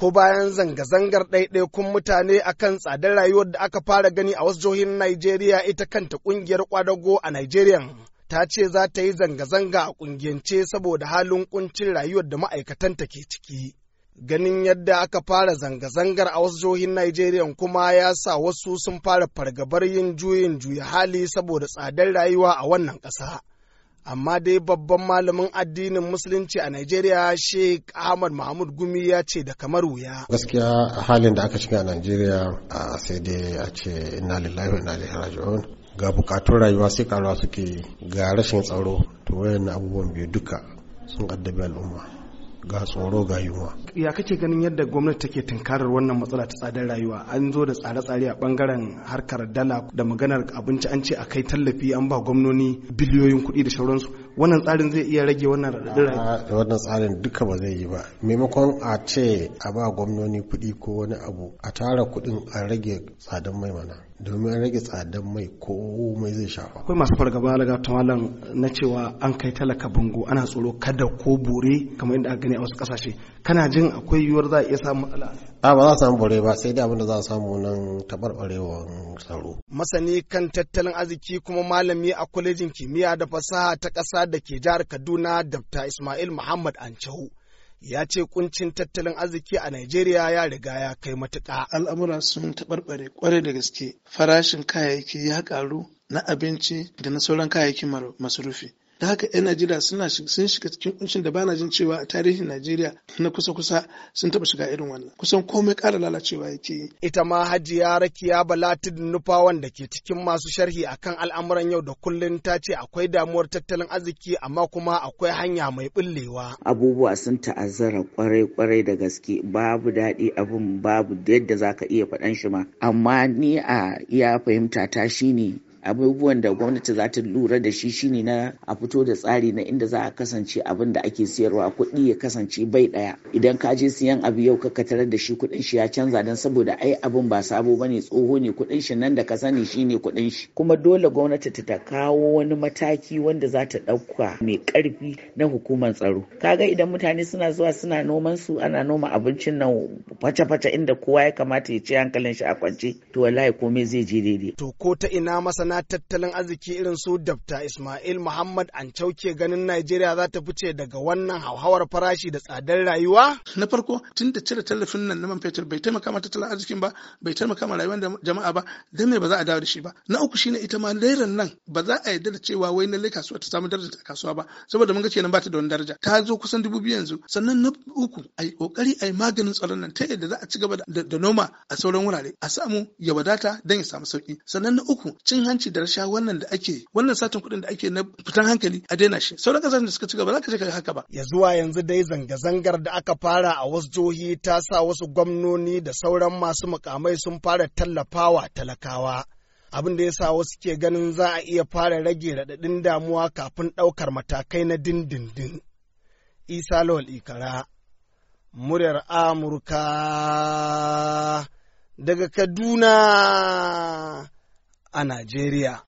ko bayan zanga-zangar ɗaiɗaikun mutane a kan tsadar rayuwar da aka fara gani a wasu jihohin Najeriya ita kanta ƙungiyar ƙwadago a Najeriya. Ta ce za ta yi zanga-zanga a ƙungiyance saboda halin ƙuncin rayuwar da ma'aikatanta ke ciki. Ganin yadda aka fara zanga-zangar a wasu jihohin Najeriya kuma ya sa wasu sun fara fargabar yin juyin juya hali saboda tsadar rayuwa a wannan ƙasa. amma dai babban malamin addinin musulunci a Najeriya Sheikh Ahmad Mahmud Gumi ya ce da kamar wuya. Gaskiya halin da aka shiga a Najeriya sai dai a ce inna lillahi wa inna ilaihi raji'un ga bukatun rayuwa sai karuwa suke ga rashin tsaro to wayannan abubuwan biyu duka sun addabi al'umma. ga tsoro ga yiwuwa. ya kake ganin yadda gwamnati take tunkarar wannan matsala ta tsadar rayuwa an zo da tsare-tsare a bangaren harkar dala da maganar abinci an ce a kai tallafi an ba gwamnoni biliyoyin kuɗi da sauransu wannan tsarin zai iya rage wannan raɗaɗin wannan tsarin duka ba zai yi ba maimakon a ce a ba gwamnoni kuɗi ko wani abu a tara kuɗin a rage tsadar mai mana domin rage tsadar mai ko mai zai shafa akwai masu fargaba daga tumalan na cewa an kai talaka bango ana tsoro kada ko bore kamar inda aka gani a wasu kasashe kana jin akwai yiwuwar za a iya samun matsala a ba za a samu bore ba sai dai abin da za a samu nan tabarbarewar tsaro masani kan tattalin arziki kuma malami a kwalejin kimiyya da fasaha ta ƙasa da ke jihar kaduna dr ismail muhammad ancahu ya ce kuncin tattalin arziki a Najeriya ya riga ya kai matuka. Al'amura sun taɓarɓare ƙwarai da gaske. Farashin kayayyaki ya ƙaru na abinci da na sauran kayayyakin masarufi. da haka 'yan najeriya sun shiga cikin kuncin da bana jin cewa a tarihin najeriya na kusa-kusa sun taɓa shiga irin wannan kusan komai ƙara lalacewa yake yi ita ma hajiya rakiya balatid nufawan da ke cikin masu sharhi akan al'amuran yau da kullum ta ce akwai damuwar tattalin arziki amma kuma akwai hanya mai bullewa abubuwa sun ta'azzara kwarai-kwarai da gaske babu daɗi abin babu yadda za ka iya faɗan shi ma amma ni a iya fahimta ta shine abubuwan da gwamnati za ta lura da shi shine na a fito da tsari na inda za a kasance abin da ake siyarwa kuɗi ya kasance bai ɗaya idan ka je siyan abu yau ka tarar da shi kuɗin shi ya canza don saboda ai abin ba sabo ba ne tsoho ne kuɗin shi nan da ka sani shine kuɗin shi kuma dole gwamnati ta kawo wani mataki wanda za ta ɗauka mai ƙarfi na hukumar tsaro kaga idan mutane suna zuwa suna noman su ana noma abincin nan face-face inda kowa ya kamata ya ce hankalin shi a kwance to wallahi komai zai je daidai to ko ta ina masana masana tattalin arziki irin su Dr. Ismail Muhammad Ancau ke ganin Najeriya za ta fice daga wannan hauhawar farashi da tsadar rayuwa? Na farko tun da cire tallafin nan na man fetur bai taimaka ma tattalin arzikin ba, bai taimaka ma rayuwar jama'a ba, dan me ba za a dawo da shi ba. Na uku shine ita ma lairan nan ba za a yarda da cewa wai na kasuwa ta samu daraja ta kasuwa ba, saboda mun ga kenan ba ta da wani daraja. Ta zo kusan dubu biyu yanzu. Sannan na uku ai kokari yi maganin tsaron nan ta yadda za a ci gaba da noma a sauran wurare a samu ya wadata don ya samu sauki. Sannan na uku cin hanci da rasha wannan da ake wannan satin kuɗin da ake na fitan hankali a daina shi sauran kasashen da suka ci gaba za ka je ka haka ba ya zuwa yanzu dai zanga-zangar da aka fara a wasu jihohi ta sa wasu gwamnoni da sauran masu mukamai sun fara tallafawa talakawa abin da ya sa wasu ke ganin za a iya fara rage raɗaɗin damuwa kafin ɗaukar matakai na dindindin. Isa Lawal Ikara, muryar Amurka daga Kaduna a Najeriya.